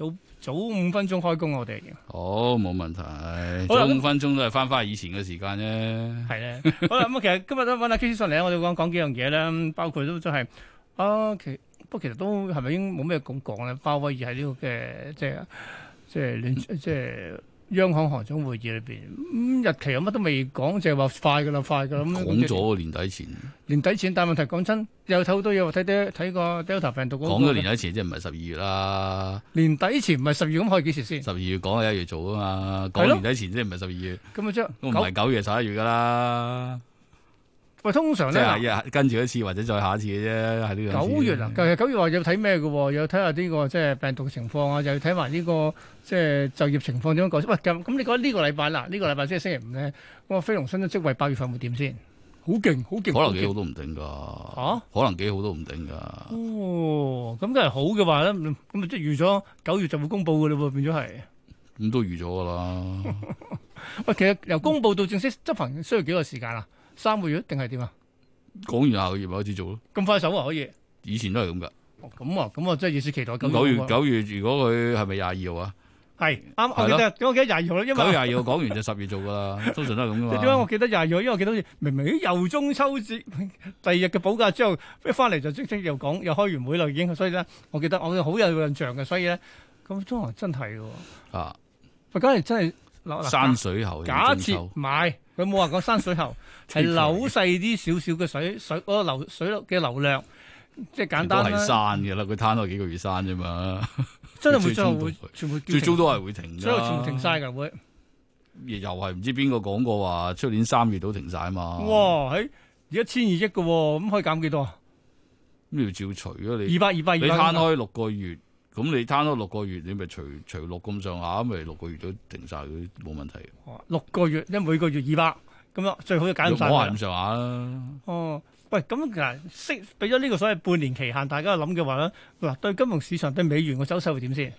早早五分鐘開工啊！我哋好冇問題，早五分鐘都係翻翻以前嘅時間啫。係咧，好啦咁其實今日都揾阿 K 先生嚟我哋講講幾樣嘢啦，包括都真、就、係、是、啊，其不過、啊、其實都係咪應該冇咩咁講咧？鮑威爾喺呢個嘅，即係即係亂 即係。央行行長會議裏邊，咁、嗯、日期我乜都未講，就係話快噶啦，快噶啦。講咗年底前，年底前，但係問題講真，又睇好多嘢，睇睇個 Delta 病毒，那個。講咗年底前，即係唔係十二月啦。年底前唔係十二月咁，可以幾時先？十二月講係一月做啊嘛，講的年底前即係唔係十二月。咁啊將都唔係九月，月、十一月噶啦。喂，通常咧，係日跟住一次、啊、或者再下一次嘅啫，係呢月個九月啊，九月話要睇咩嘅，又睇下呢個即係病毒嘅情況啊，又要睇埋呢個即係就業情況點樣過。咁你覺得呢個禮拜嗱，呢、這個禮拜即係星期五咧，個非農新增職位八月份會點先？好勁，好勁，可能幾好都唔定噶，吓、啊，可能幾好都唔定噶。哦，咁梗係好嘅話咧，咁啊即係預咗九月就會公布噶啦，變咗係，咁都預咗噶啦。喂，其實由公布到正式執行需要幾多個時間啊？三個月定係點啊？講完下個月咪開始做咯。咁快手啊，可以。以前都係咁噶。咁啊，咁啊，真係熱切期待。九月九月，如果佢係咪廿二號啊？係啱，我記得我記廿二號啦，因為廿二號講完就十月做噶啦，通常都係咁噶嘛。點解？我記得廿二號，因為我記得明明又中秋節第二日嘅補假之後，一翻嚟就即即又講又開完會啦，已經，所以咧，我記得我好有印象嘅，所以咧，咁真係喎。啊，真係山水喉。假設買。佢冇話過山水喉，係扭細啲少少嘅水水嗰流水嘅流量，即係簡單都係山嘅啦。佢攤開幾個月山啫嘛，真係會將會全部。最早都係會停，所以全部停晒㗎會、啊。又係唔知邊個講過話出年三月都停曬嘛？哇！喺而一千二億嘅，咁可以減幾多？咩要照除咯、啊，你二百二百二百，200, 200, 200, 200. 你攤開六個月。咁你攤咗六個月，你咪除除六咁上下，咪六個月都停晒，佢冇問題。六個月，因為每個月二百咁咯，最好就減曬。冇可能咁上下啦。哦，喂，咁其俾咗呢個所謂半年期限，大家諗嘅話咧，嗱，對金融市場對美元個走勢會點先？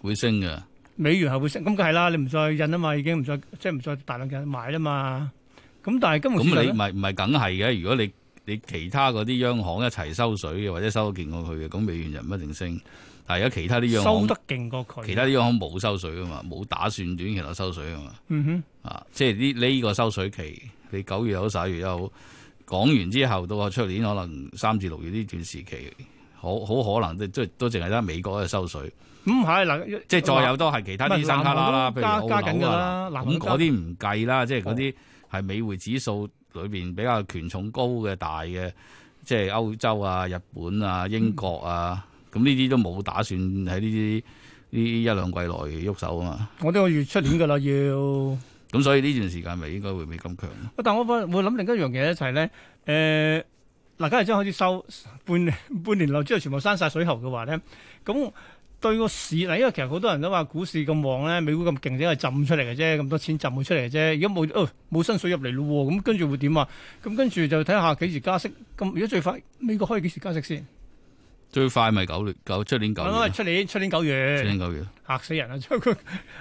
會升㗎。美元係會升，咁梗係啦。你唔再印啊嘛，已經唔再即係唔再大量印買啦嘛。咁但係金融咁你唔係唔係梗係嘅？如果你你其他嗰啲央行一齊收水嘅，或者收得勁過佢嘅，咁美元就唔一定升。係而家其他啲樣，收得勁過佢其他啲樣冇收水啊嘛，冇打算短期內收水啊嘛。嗯、哼，啊，即係呢呢個收水期，你九月又好，十月又好，講完之後到啊出年可能三至六月呢段時期，可好可能都都都淨係得美國喺度收水。咁係嗱，即係再有都係其他啲生、嗯、卡啦，譬如歐股啊，咁嗰啲唔計啦，即係嗰啲係美匯指數裏邊比較權重高嘅大嘅，即係歐洲啊、日本啊、英國啊。嗯咁呢啲都冇打算喺呢啲呢一兩季內喐手啊嘛！我都要月出年噶啦要。咁所以呢段時間咪應該會唔會咁強？但我會諗另一樣嘢一係呢。誒、呃、嗱，假如真係開始收半年半年內之後全部閂晒水喉嘅話呢。咁對個市嗱，因為其實好多人都話股市咁旺呢，美股咁勁，只係浸出嚟嘅啫，咁多錢浸咗出嚟嘅啫。如果冇冇新水入嚟咯喎，咁跟住會點啊？咁跟住就睇下幾時加息。咁如果最快美國可以幾時加息先？最快咪九月九、出年九月，出年出年九月，出好年九月吓死人啊！出佢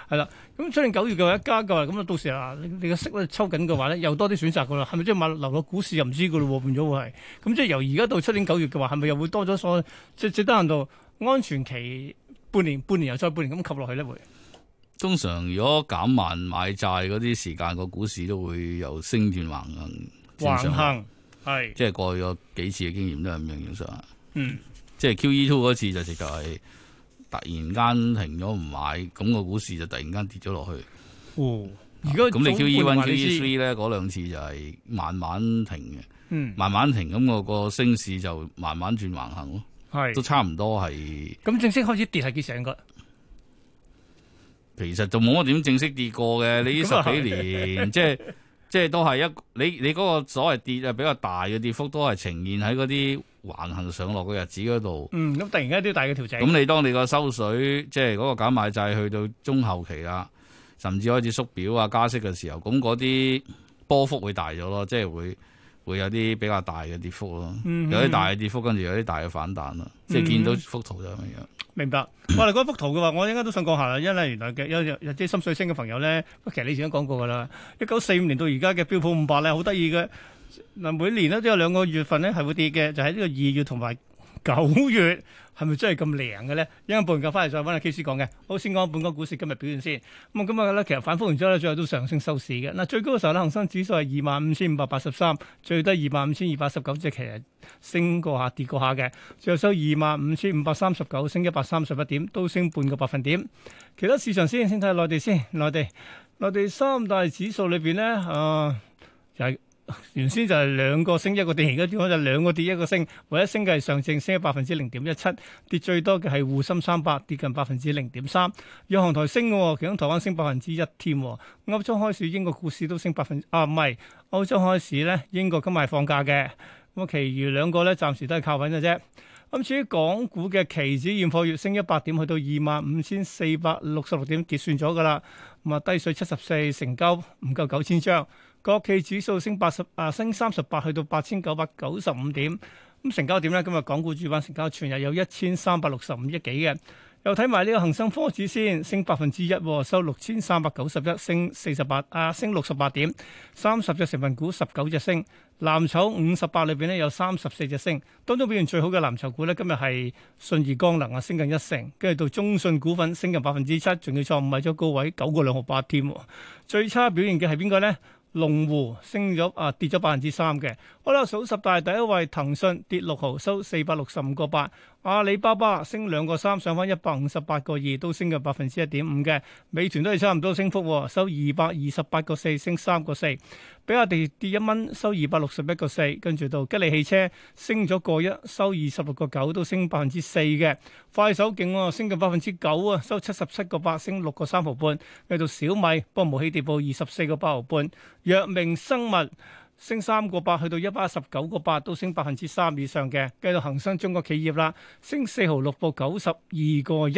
係啦，咁出年九月嘅話， 月話一加嘅話，咁啊到時啊，你個息抽緊嘅話咧，又多啲選擇噶啦，係咪即係買樓落股市又唔知噶咯？變咗會係，咁即係由而家到出年九月嘅話，係咪又會多咗所即係值得喺度安全期半年，半年又再半年咁吸落去呢會通常如果減慢買債嗰啲時間，個股市都會由升轉橫行，行，橫行係即係過去咗幾次嘅經驗都係咁樣樣上，嗯。即係 Q.E. Two 嗰次就直頭係突然間停咗唔買，咁、個股市就突然間跌咗落去。哦，咁你 Q.E. One、Q.E. Three 咧嗰兩次就係慢慢停嘅，嗯、慢慢停，咁、個個升市就慢慢轉橫行咯。係是都差唔多係。咁正式開始跌係幾成㗎？其實就冇乜點正式跌過嘅，你呢十幾年即係。即係都係一個你你嗰個所謂跌啊比較大嘅跌幅，都係呈現喺嗰啲橫行上落嘅日子嗰度。嗯，咁突然間都要大嘅調整。咁你當你個收水，即係嗰個減買債去到中後期啊，甚至開始縮表啊、加息嘅時候，咁嗰啲波幅會大咗咯，即係會會有啲比較大嘅跌幅咯。有啲大嘅跌幅，跟住、嗯、哼有啲大嘅反彈啦，嗯、哼即係見到幅圖就咁樣。明白，我嚟嗰幅圖嘅話，我應該都想講下啦，因為原來嘅有有啲心水星嘅朋友咧，其實你以前都講過噶啦，一九四五年到而家嘅標普五百咧，好得意嘅，嗱每年咧都有兩個月份咧係會跌嘅，就喺、是、呢個二月同埋。九月係咪真係咁靈嘅咧？一陣半日翻嚟再揾阿 K 師講嘅。好，先講本港股市今日表現先。咁啊，今日咧其實反覆完之後咧，最後都上升收市嘅。嗱，最高嘅時候咧，恒生指數係二萬五千五百八十三，最低二萬五千二百十九，即係其實升過下跌過下嘅。最後收二萬五千五百三十九，升一百三十一點，都升半個百分點。其他市場先，先睇下內地先。內地內地三大指數裏邊咧啊，成、呃。就係原先就係兩個升一個跌，而家變咗就兩個跌一個升。唯一升嘅係上證，升咗百分之零點一七；跌最多嘅係滬深三百，跌近百分之零點三。有行台升嘅，其中台灣升百分之一添。歐洲開市，英國股市都升百分，啊唔係，歐洲開市咧，英國今日係放假嘅。咁啊，其餘兩個咧，暫時都係靠穩嘅啫。咁至於港股嘅期指現貨月升一百點，去到二萬五千四百六十六點結算咗噶啦。咁啊，低水七十四，成交唔夠九千張。國企指數升八十，誒升三十八，去到八千九百九十五點。咁成交點咧，今日港股主板成交全日有一千三百六十五億幾嘅。又睇埋呢個恒生科指先，升百分之一，收六千三百九十一，升四十八，啊升六十八點。三十隻成分股，十九隻升，藍籌五十八裏邊咧有三十四隻升。當中表現最好嘅藍籌股咧，今日係信義光能啊，升近一成，跟住到中信股份升近百分之七，仲要再唔係咗高位九個兩毫八添。最差表現嘅係邊個咧？龍湖升咗啊，跌咗百分之三嘅。好啦，數十大第一位，騰訊跌六毫，收四百六十五個八。阿里巴巴升兩個三，上返一百五十八個二，都升咗百分之一點五嘅。美團都係差唔多升幅，收二百二十八個四，升三個四。比亞迪跌一蚊，收二百六十一個四，跟住到吉利汽車升咗個一，收二十六個九，都升百分之四嘅。快手勁、哦、升咗百分之九啊，收七十七個八，升六個三毫半。跟住到小米，波模器跌報，二十四個八毫半。藥明生物，升三個八，去到一百一十九個八，都升百分之三以上嘅。繼續恒生中國企業啦，升四毫六到九十二個一。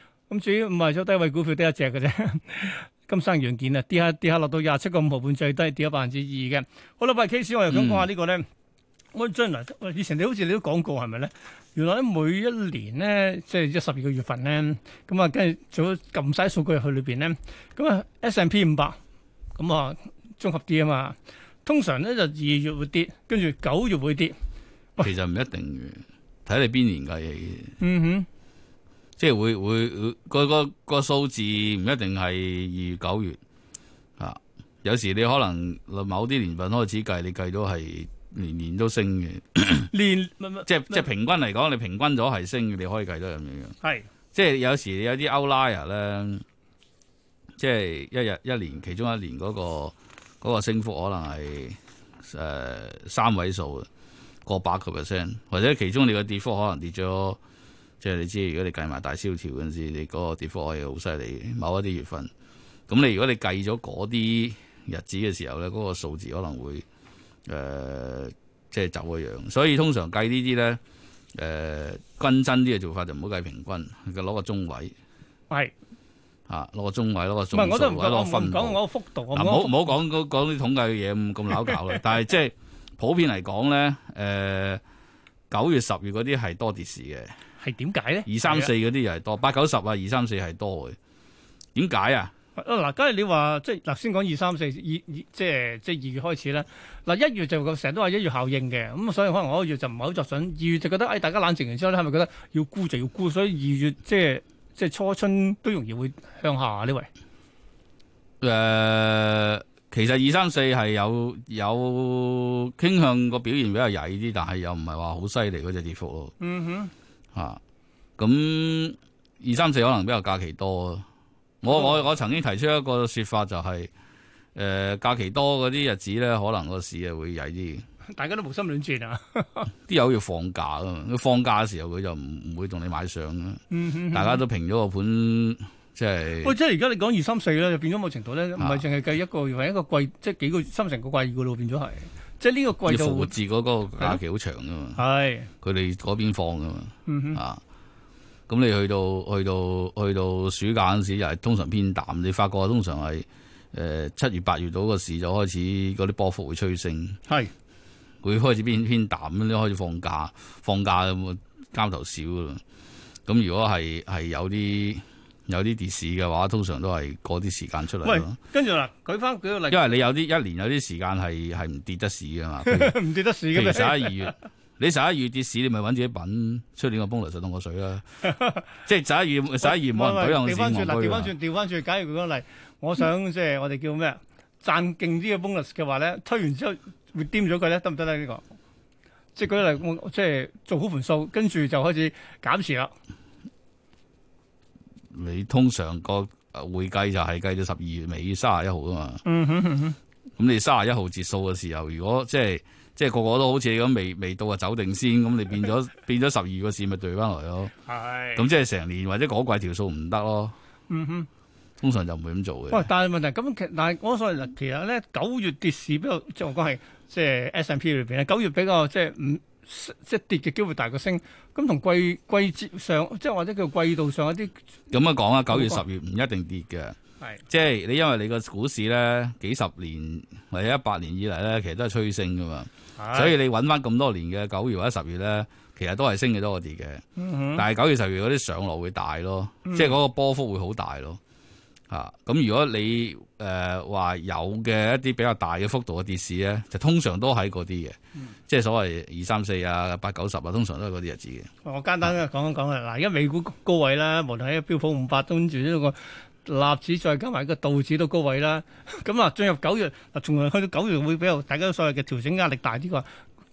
咁主要唔係咗低位股票得一隻嘅啫， 金生軟件啊跌下跌下落到廿七個五毫半最低，跌咗百分之二嘅。好啦，唔係 case，我又想講下呢個咧。我將來以前你好似你都講過係咪咧？原來每一年咧，即係一十二個月份咧，咁啊跟住做咗咁細數據去裏邊咧，咁啊 S&P 五百咁啊綜合啲啊嘛。通常咧就二月會跌，跟住九月會跌。其實唔一定嘅，睇、哎、你邊年計嘅。嗯哼。即係會會個個個，個數字唔一定係二月九月啊，有時你可能某啲年份開始計，你計到係年年都升嘅，年即係即係平均嚟講，你平均咗係升嘅，你可以計到咁樣樣。係是，即係有時有啲 outlier 咧，即係一日一年其中一年嗰、嗰個、嗰個升幅可能係誒、呃、三位數嘅，過百個 percent，或者其中你個跌幅可能跌咗。即係你知，如果你計埋大蕭條嗰陣時，你嗰個跌幅係好犀利。某一啲月份，咁你如果你計咗嗰啲日子嘅時候咧，嗰、嗰個數字可能會、呃、即係走一樣。所以通常計呢啲咧，誒均真啲嘅做法就唔好計平均，佢攞個中位係啊，攞個中位，攞是、啊、個中位，攞個，個分唔係，我都唔講，唔講嗰個幅度。唔好好講嗰啲統計嘅嘢咁咁搞啦。 但係即係普遍嚟講咧，誒、呃、九月十月嗰啲係多跌市嘅。係點解咧？二三四嗰啲又係多，八九十啊，二三四係多嘅。點解啊？嗱，梗係你話即係嗱，先講二三四二即係即係二月開始啦。嗱，一月就成日都話一月效應嘅咁，所以可能我個月就唔係好作準。二月就覺得誒，大家冷靜完之後咧，係咪覺得要沽就要沽？所以二月即係即係初春都容易會向下呢？位誒、呃，其實二三四係有有傾向個表現比較曳啲，但係又唔係話好犀利嗰隻跌幅咯。嗯哼。啊，咁二三四可能比較假期多。我、哦、我我曾經提出一個說法就係、是，誒、呃、假期多嗰啲日子咧，可能個市啊會曳啲。大家都無心亂轉啊，啲 友要放假啊，放假嘅時候佢就唔唔會同你買相。啦、嗯。大家都平咗個盤。即係喂，即係而家你講二三四呢就變咗某程度咧，唔係淨係計一個月，或一個季，即係幾個月，三成個季噶咯，變咗係。即係呢個季復活節嗰個假期好長噶嘛。係佢哋嗰邊放噶嘛。嗯、哼啊，咁你去到去到去到暑假嗰時又係通常偏淡。你發覺通常係誒七月八月到個時就開始嗰啲波幅會趨升。係是會開始變偏淡咁，你開始放假放假咁，交頭少噶啦。咁如果係係有啲。有啲跌市嘅話，通常都係嗰啲時間出嚟。跟住嗱，舉翻舉個例，因為你有啲一年有啲時間係係唔跌得市嘅嘛，唔跌得市嘅。譬如十一月，你十一月跌市，你咪揾自己品出年個 bonus 就凍過水啦。即係十一月，十一月冇人舉翻轉。嗱，調翻轉，調翻轉。假如舉個例，我想即係我哋叫咩賺勁啲嘅 bonus 嘅話咧，推完之後會掂咗佢咧，得唔得咧？呢個即係舉個例，我即係做好盤數，跟住就開始減持啦。你通常個會計就係計到十二月尾三十一號啊嘛，咁、嗯嗯、你三十一號截數嘅時候，如果即係即係個個都好似你咁未未到啊走定先，咁你變咗 變咗十二個市咪對翻來是咯，咁即係成年或者嗰季條數唔得咯，通常就唔會咁做嘅。喂，但係問題咁，但係我所以其實咧，九月跌市比較即我講係，即係 S&P 裏邊咧，九月比較即係嗯。即係跌嘅機會大過升，咁同季季節上，即係或者叫季度上一啲。咁樣講啊，九月十月唔一定跌嘅。係、哦，即係你因為你個股市咧幾十年或者一百年以嚟咧，其實都係趨升噶嘛。是所以你揾翻咁多年嘅九月或者十月咧，其實都係升嘅多過跌嘅。嗯、哼但係九月十月嗰啲上落會大咯，即係嗰個波幅會好大咯。啊，咁如果你誒話、呃、有嘅一啲比較大嘅幅度嘅跌市咧，就通常都喺嗰啲嘅，嗯、即係所謂二三四啊、八九十啊，通常都係嗰啲日子嘅。我簡單講一講啦，嗱、嗯，而家美股高位啦，無論喺標普五百跟住呢個納指再加埋個道指都高位啦，咁 啊進入九月嗱，從來去到九月會比較大家所謂嘅調整壓力大啲嘅，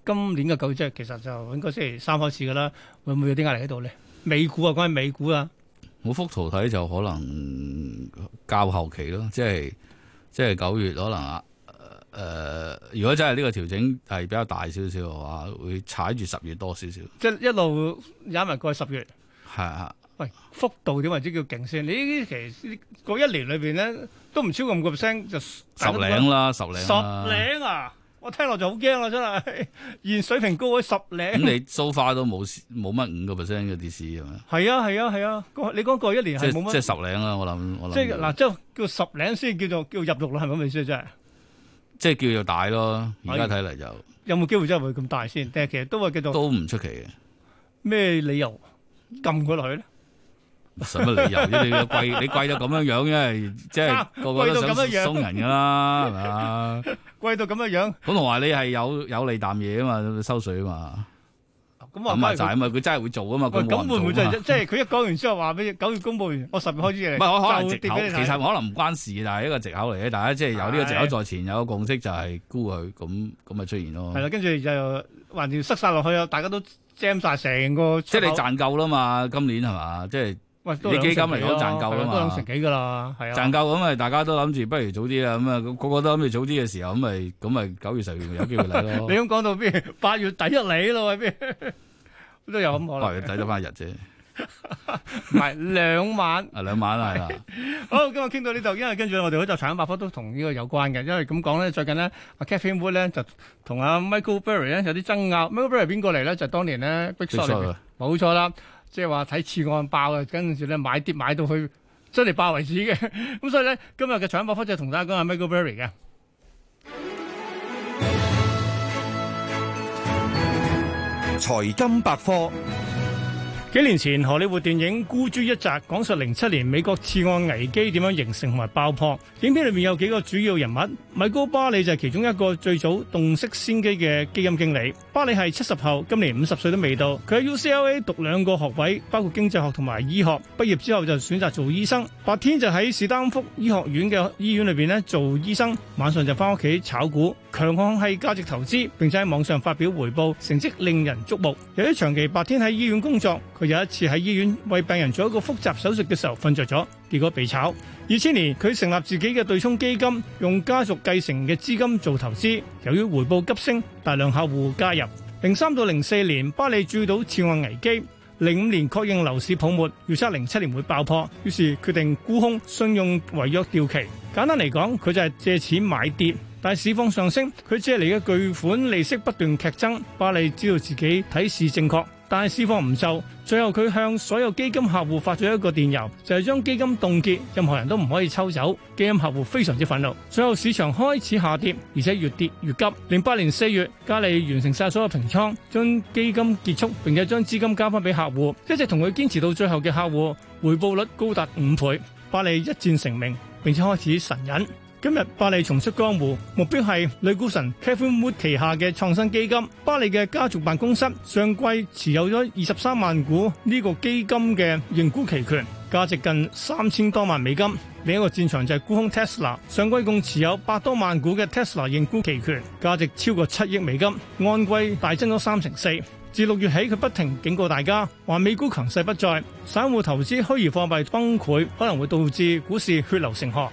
今年嘅九月即、就、係、是、其實就應該星期三開始㗎啦，會唔會有啲壓力喺度咧？美股啊，關於美股啊。我幅圖睇就可能較後期咯，即係即係九月可能啊，誒、呃，如果真係呢個調整係比較大少少嘅話，會踩住十月多少少。即係一路踩埋過去十月。係啊，喂，幅度點為之叫勁先？你呢啲其實呢個一年裏邊咧，都唔超過五個 percent 就十零啦，十零。十零啊！我聽落就好驚啦，真係現水平高咗十零。咁你 so far 都冇冇乜五個 percent 嘅跌市係嘛？係啊係啊係啊，你嗰個一年係冇乜。即係十零啦，我諗我諗。即係嗱，即係叫十零先叫做叫入肉啦，係咪咁意思啫？即係叫做大咯，而家睇嚟就有冇機會真係會咁大先？定係其實都係叫做都唔出奇嘅。咩理由撳佢落去咧？使乜理由？你你貴你貴到咁樣樣，因為即係個個都想送人噶啦，係嘛？貴到咁樣樣，咁同話你係有有利啖嘢啊嘛，收水啊嘛，咁唔係唔係佢真係會做啊嘛，咁、哎、會唔會 就即係佢一講完之後話俾九月公布完，我十月開始嚟，唔係我可能借口嚟，其實可能唔關事，但係一個借口嚟咧。大家即係有呢個借口在前，的有個共識就係沽佢咁，咁咪出現咯。係啦，跟住就橫掂塞晒落去啊！大家都 jam 晒成個，即係你賺夠啦嘛？今年係嘛？即係。就是哎、你基金嚟都賺夠啦嘛，都兩成幾噶啦，賺夠咁咪大家都諗住不如早啲啦，咁、那、啊、個、個個都諗住早啲嘅時候咁咪咁咪九月十月有機會嚟咯。 你咁講到八月第一嚟咯，邊？都有咁可能。八月抵咗八一日啫，唔係兩晚，兩、 啊、晚係。 好，今日傾到呢度，因為跟住我哋好就財經百科都同呢個有關嘅，因為咁講咧，最近咧 啊 Catherine Wood 咧就同阿、啊、Michael Berry 咧、啊、有啲爭拗。Michael Berry 邊個嚟咧？就是、當年咧 Big Short 冇錯啦。即係話睇次按爆啊，跟住咧買跌買到佢真係爆為止嘅。咁 所以咧今日嘅財經百科就同大家講係 Michael Berry 嘅財金百科。幾年前，荷里活電影孤注一擲，講述零七年美國次按危機點樣形成同埋爆破。影片裏面有幾個主要人物，米高巴里就係其中一個最早洞悉先機嘅基金經理。巴里係七十後，今年五十歲都未到。佢喺 UCLA 讀兩個學位，包括經濟學同埋醫學。畢業之後就選擇做醫生，白天就喺史丹福醫學院嘅醫院裏邊做醫生，晚上就翻屋企炒股。強項係價值投資，並且喺網上發表回報，成績令人矚目。由於長期白天喺醫院工作，佢有一次喺醫院為病人做一個複雜手術嘅時候瞓着咗，結果被炒。二千年佢成立自己嘅對沖基金，用家族繼承嘅資金做投資。由於回報急升，大量客戶加入。零三到零四年，巴里注意到次貸危機，零五年確認樓市泡沫，預測零七年會爆破，於是決定沽空信用違約掉期。簡單嚟講，佢就係借錢買跌。但係市況上升，佢借嚟嘅巨款利息不斷劇增。巴利知道自己睇市正確，但係市況唔就。最後佢向所有基金客戶發咗一個電郵，就係、是、將基金凍結，任何人都唔可以抽走。基金客戶非常之憤怒，最後市場開始下跌，而且越跌越急。零八年四月，巴利完成晒所有平倉，將基金結束，並且將資金交翻俾客戶。一直同佢堅持到最後嘅客戶，回報率高達五倍。巴利一戰成名，並且開始神隱。今日巴利重出江湖，目標係女股神 Katherine Wood 旗下嘅創新基金。巴利嘅家族辦公室上季持有咗二十三萬股呢個基金嘅認沽期權，價值近三千多萬美金。另一個戰場就係沽空 Tesla，上季共持有百多萬股嘅 Tesla 認沽期權，價值超過七億美金，按季大增咗三成四。自六月起，佢不停警告大家，話美股強勢不再，散戶投資虛擬貨幣崩潰，可能會導致股市血流成河。